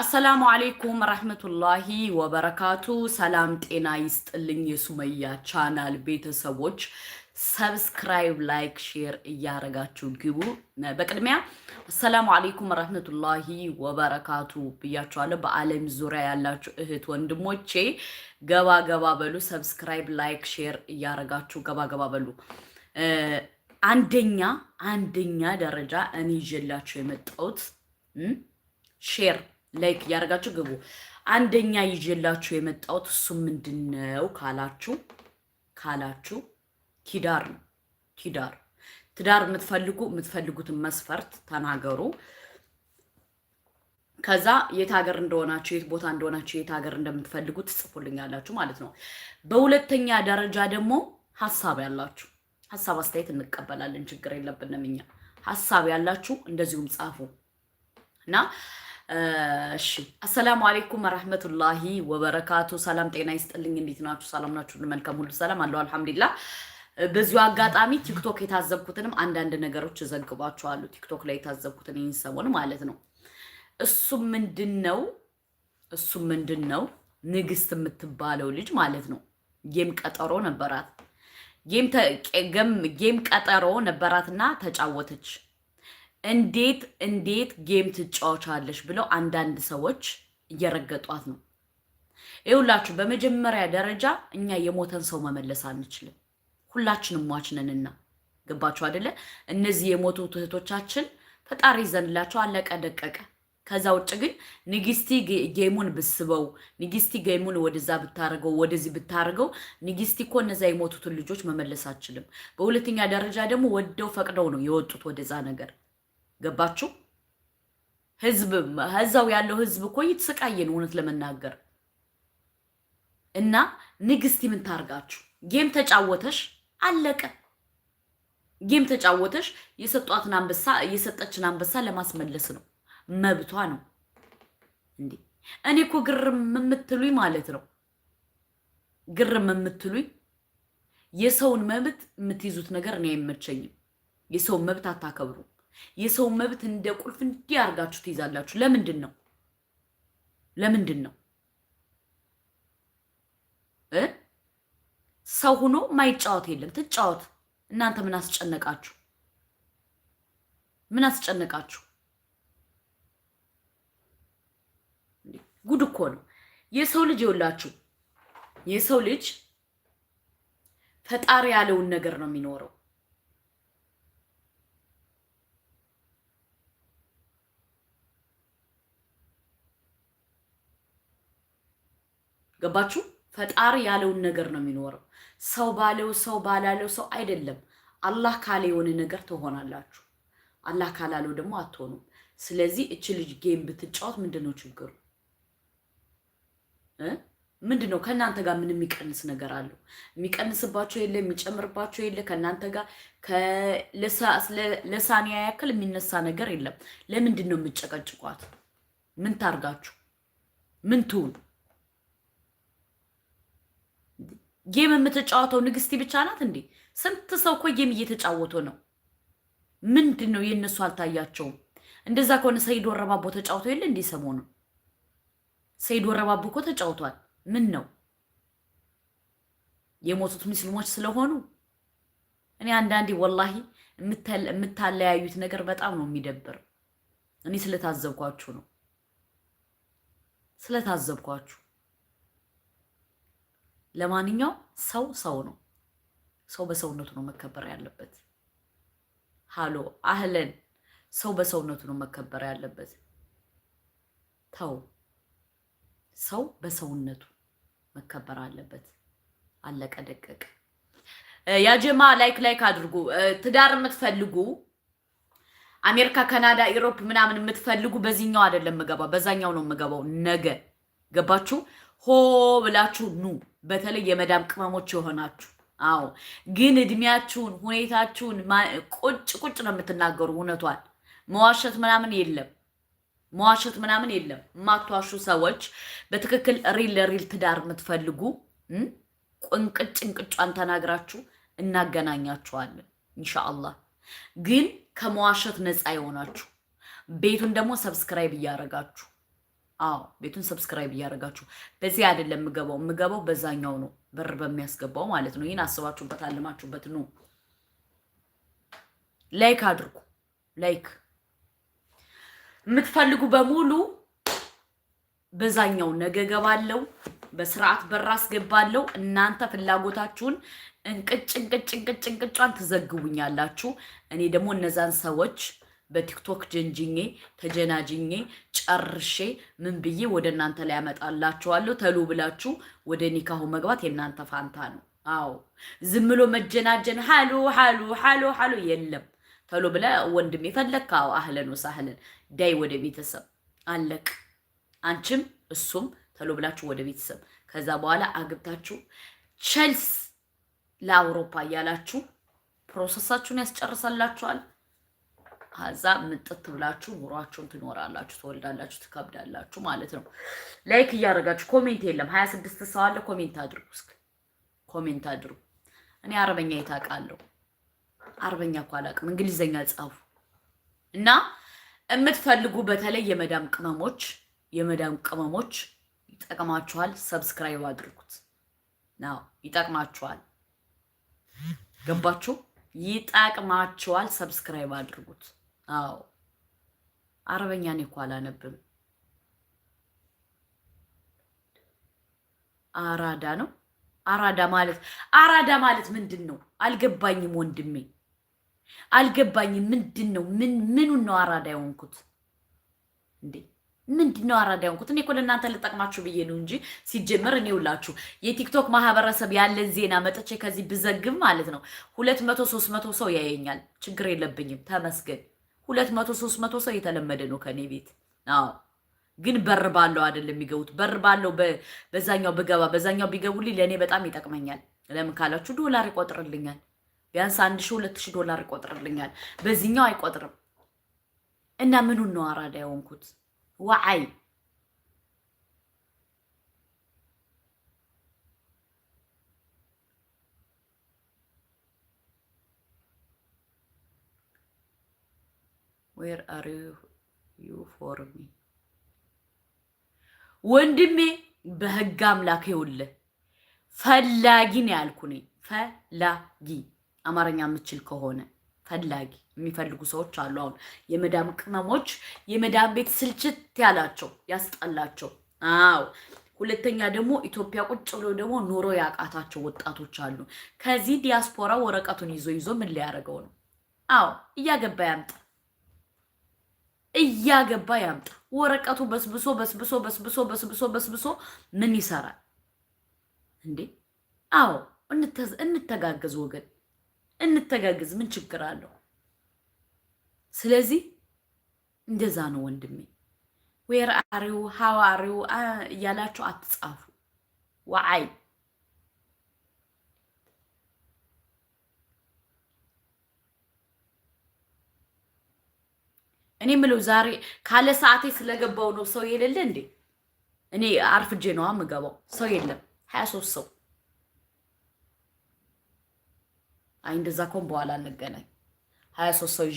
አሰላሙ አሌይኩም ረህመቱላሂ ወበረካቱ። ሰላም ጤና ይስጥልኝ። የሱመያ ቻናል ቤተሰቦች ሰብስክራይብ፣ ላይክ፣ ሼር እያረጋችሁ ግቡ። በቅድሚያ አሰላሙ አሌይኩም ረህመቱላሂ ወበረካቱ ብያችኋለሁ። በዓለም ዙሪያ ያላችሁ እህት ወንድሞቼ ገባ ገባ በሉ። ሰብስክራይብ፣ ላይክ፣ ሼር እያረጋችሁ ገባ ገባ በሉ። አንደኛ አንደኛ ደረጃ እኔ ይዤላችሁ የመጣሁት ሼር ላይክ እያደረጋችሁ ግቡ። አንደኛ ይዤላችሁ የመጣሁት እሱ ምንድን ነው ካላችሁ ካላችሁ ኪዳር ነው። ኪዳር ትዳር የምትፈልጉ የምትፈልጉትን መስፈርት ተናገሩ። ከዛ የት ሀገር እንደሆናችሁ የት ቦታ እንደሆናችሁ የት ሀገር እንደምትፈልጉ ትጽፉልኛላችሁ ማለት ነው። በሁለተኛ ደረጃ ደግሞ ሀሳብ ያላችሁ ሀሳብ አስተያየት እንቀበላለን፣ ችግር የለብንም እኛ። ሀሳብ ያላችሁ እንደዚሁም ጻፉ እና እሺ አሰላሙ አሌይኩም ወረህመቱላሂ ወበረካቱ። ሰላም ጤና ይስጥልኝ። እንዴት ናችሁ? ሰላም ናችሁ? መልካም ሁሉ ሰላም አለው አልሐምዱሊላ። በዚሁ አጋጣሚ ቲክቶክ የታዘብኩትንም አንዳንድ ነገሮች እዘግባችኋለሁ። ቲክቶክ ላይ የታዘብኩትን ይህን ሰሞን ማለት ነው። እሱም ምንድን ነው እሱም ምንድን ነው ንግስት የምትባለው ልጅ ማለት ነው ጌም ቀጠሮ ነበራት። ጌም ቀጠሮ ነበራትና ተጫወተች እንዴት እንዴት ጌም ትጫወቻለሽ ብለው አንዳንድ ሰዎች እየረገጧት ነው። ይሁላችሁ በመጀመሪያ ደረጃ እኛ የሞተን ሰው መመለስ አንችልም። ሁላችንም ሟች ነንና፣ ገባችሁ አይደለ? እነዚህ የሞቱ እህቶቻችን ፈጣሪ ይዘንላቸው አለቀ ደቀቀ። ከዛ ውጭ ግን ንግስቲ ጌሙን ብስበው፣ ንግስቲ ጌሙን ወደዛ ብታርገው፣ ወደዚህ ብታርገው፣ ንግስቲ እኮ እነዛ የሞቱትን ልጆች መመለስ አችልም። በሁለተኛ ደረጃ ደግሞ ወደው ፈቅደው ነው የወጡት ወደዛ ነገር ገባችሁ? ህዝብ እዛው ያለው ህዝብ እኮ እየተሰቃየ ነው እውነት ለመናገር እና ንግስት ምን ታርጋችሁ? ጌም ተጫወተሽ አለቀ። ጌም ተጫወተሽ የሰጧትን አንበሳ የሰጠችን አንበሳ ለማስመለስ ነው መብቷ ነው እንዴ። እኔ እኮ ግርም የምትሉኝ ማለት ነው ግርም የምትሉኝ የሰውን መብት የምትይዙት ነገር እኔ አይመቸኝም። የሰውን መብት አታከብሩ። የሰው መብት እንደ ቁልፍ እንዲህ አድርጋችሁ ትይዛላችሁ። ለምንድን ነው ለምንድን ነው እ ሰው ሆኖ ማይጫወት የለም። ትጫወት። እናንተ ምን አስጨነቃችሁ? ምን አስጨነቃችሁ? ጉድ እኮ ነው የሰው ልጅ የውላችሁ የሰው ልጅ ፈጣሪ ያለውን ነገር ነው የሚኖረው። ገባችሁ? ፈጣሪ ያለውን ነገር ነው የሚኖረው። ሰው ባለው ሰው ባላለው ሰው አይደለም። አላህ ካለ የሆነ ነገር ትሆናላችሁ። አላህ ካላለው ደግሞ አትሆኑም። ስለዚህ እች ልጅ ጌም ብትጫወት ምንድን ነው ችግሩ? ምንድን ነው ከእናንተ ጋር ምን የሚቀንስ ነገር አለው? የሚቀንስባቸው የለ፣ የሚጨምርባቸው የለ። ከእናንተ ጋር ለሳኒያ ያክል የሚነሳ ነገር የለም። ለምንድን ነው የምጨቀጭቋት? ምን ታርጋችሁ? ምን ትሁን? ጌም የምትጫወተው ንግስቲ ብቻ ናት እንዴ? ስንት ሰው እኮ ጌም እየተጫወቱ ነው። ምንድን ነው የእነሱ አልታያቸውም? እንደዛ ከሆነ ሰይድ ወረባቦ ተጫውቶ የለ እንዴ? ሰሞኑ ሰይድ ወረባቦ እኮ ተጫውቷል። ምን ነው የሞቱት ሙስሊሞች ስለሆኑ? እኔ አንዳንዴ ወላሂ የምታለያዩት ነገር በጣም ነው የሚደብር። እኔ ስለታዘብኳችሁ ነው ስለታዘብኳችሁ ለማንኛውም ሰው ሰው ነው። ሰው በሰውነቱ ነው መከበር ያለበት። ሃሎ አህለን፣ ሰው በሰውነቱ ነው መከበር ያለበት። ተው፣ ሰው በሰውነቱ መከበር አለበት። አለቀ ደቀቀ። ያጀማ ላይክ ላይክ አድርጉ። ትዳር የምትፈልጉ አሜሪካ፣ ካናዳ፣ ኢሮፕ ምናምን የምትፈልጉ በዚህኛው አይደለም የምገባው፣ በዛኛው ነው የምገባው ነገ። ገባችሁ? ሆ ብላችሁ ኑ። በተለይ የመዳም ቅመሞች የሆናችሁ አዎ፣ ግን እድሜያችሁን ሁኔታችሁን ቁጭ ቁጭ ነው የምትናገሩ። እውነቷን መዋሸት ምናምን የለም መዋሸት ምናምን የለም። የማትዋሹ ሰዎች በትክክል ሪል ለሪል ትዳር የምትፈልጉ ቁንቅጭ እንቅጫን ተናግራችሁ እናገናኛችኋለን ኢንሻአላህ። ግን ከመዋሸት ነፃ የሆናችሁ ቤቱን ደግሞ ሰብስክራይብ እያደረጋችሁ አዎ ቤቱን ሰብስክራይብ እያደረጋችሁ በዚህ አይደለም የምገባው የምገባው በዛኛው ነው፣ በር በሚያስገባው ማለት ነው። ይህን አስባችሁበት አለማችሁበት ነው። ላይክ አድርጉ። ላይክ የምትፈልጉ በሙሉ በዛኛው ነገ ገባለው፣ በስርዓት በር አስገባለው። እናንተ ፍላጎታችሁን እንቅጭ እንቅጭ እንቅጭ እንቅጫን ትዘግቡኛላችሁ። እኔ ደግሞ እነዛን ሰዎች በቲክቶክ ጀንጅኜ ተጀናጅኜ ጨርሼ ምን ብዬ ወደ እናንተ ላይ ያመጣላችኋለሁ። ተሉ ብላችሁ ወደ ኒካሁ መግባት የእናንተ ፋንታ ነው። አዎ ዝም ብሎ መጀናጀን ሀሎ ሀሎ ሀሎ ሀሎ የለም። ተሎ ብለ ወንድም የፈለግከ አዎ አህለን ወሳህለን ዳይ ወደ ቤተሰብ አለቅ። አንቺም እሱም ተሎ ብላችሁ ወደ ቤተሰብ ከዛ በኋላ አግብታችሁ ቼልስ ለአውሮፓ እያላችሁ ፕሮሰሳችሁን ያስጨርሳላችኋል። ከዛ ምንጥት ብላችሁ ኑሯችሁን ትኖራላችሁ፣ ትወልዳላችሁ፣ ትከብዳላችሁ ማለት ነው። ላይክ እያደረጋችሁ ኮሜንት የለም። ሀያ ስድስት ሰው አለ። ኮሜንት አድርጉ፣ እስኪ ኮሜንት አድርጉ። እኔ አረበኛ ይታቃለሁ። አረበኛ እኮ አላውቅም። እንግሊዘኛ ጻፉ እና የምትፈልጉ በተለይ የመዳም ቅመሞች የመዳም ቅመሞች ይጠቅማችኋል። ሰብስክራይብ አድርጉት ናው ይጠቅማችኋል። ገባችሁ? ይጠቅማችኋል። ሰብስክራይብ አድርጉት። አዎ አረበኛ እኔ እኮ አላነብም። አራዳ ነው። አራዳ ማለት አራዳ ማለት ምንድን ነው? አልገባኝም ወንድሜ፣ አልገባኝም። ምንድን ነው? ምን ምኑን ነው አራዳ የሆንኩት እንዴ? ምንድን ነው አራዳ የሆንኩት? እኔ እኮ ለእናንተ ልጠቅማችሁ ብዬ ነው እንጂ ሲጀመር እኔ ውላችሁ የቲክቶክ ማህበረሰብ ያለን ዜና መጥቼ ከዚህ ብዘግብ ማለት ነው ሁለት መቶ ሶስት መቶ ሰው ያየኛል። ችግር የለብኝም። ተመስገን። ሁለት መቶ ሶስት መቶ ሰው የተለመደ ነው ከኔ ቤት። አዎ ግን በር ባለው አይደለም የሚገቡት። በር ባለው በዛኛው ብገባ በዛኛው ቢገቡልኝ ለእኔ በጣም ይጠቅመኛል። ለምን ካላችሁ ዶላር ይቆጥርልኛል። ቢያንስ አንድ ሺ ሁለት ሺ ዶላር ይቆጥርልኛል። በዚህኛው አይቆጥርም እና ምኑን ነው አራዳ የሆንኩት ዋዓይ ዌር አር ዩ ፎር ሚ ወንድሜ በህግ አምላክ ይኸውልህ ፈላጊ ነው ያልኩ ፈላጊ አማርኛ የምችል ከሆነ ፈላጊ የሚፈልጉ ሰዎች አሉ። አሁን የመዳም ቅመሞች የመዳም ቤት ስልችት ያላቸው ያስጠላቸው። አዎ ሁለተኛ ደግሞ ኢትዮጵያ ቁጭ ብሎ ደግሞ ኑሮ ያቃታቸው ወጣቶች አሉ። ከዚህ ዲያስፖራ ወረቀቱን ይዞ ይዞ ምን ሊያደርገው ነው? አዎ እያገባ ያምጣ። እያገባ ያምጣ። ወረቀቱ በስብሶ በስብሶ በስብሶ በስብሶ በስብሶ ምን ይሰራል እንዴ? አዎ እንተጋገዝ ወገን፣ እንተጋገዝ። ምን ችግር አለው? ስለዚህ እንደዛ ነው ወንድሜ። ዌር አሪው ሀዋሪው እያላችሁ አትጻፉ። ዋዓይ እኔ ምለው ዛሬ ካለ ሰዓቴ ስለገባው ነው ሰው የሌለ እንዴ? እኔ አርፍጄ ነው የምገባው። ሰው የለም፣ ሀያ ሶስት ሰው። አይ እንደዛ ከሆነ በኋላ እንገናኝ። ሀያ ሶስት ሰው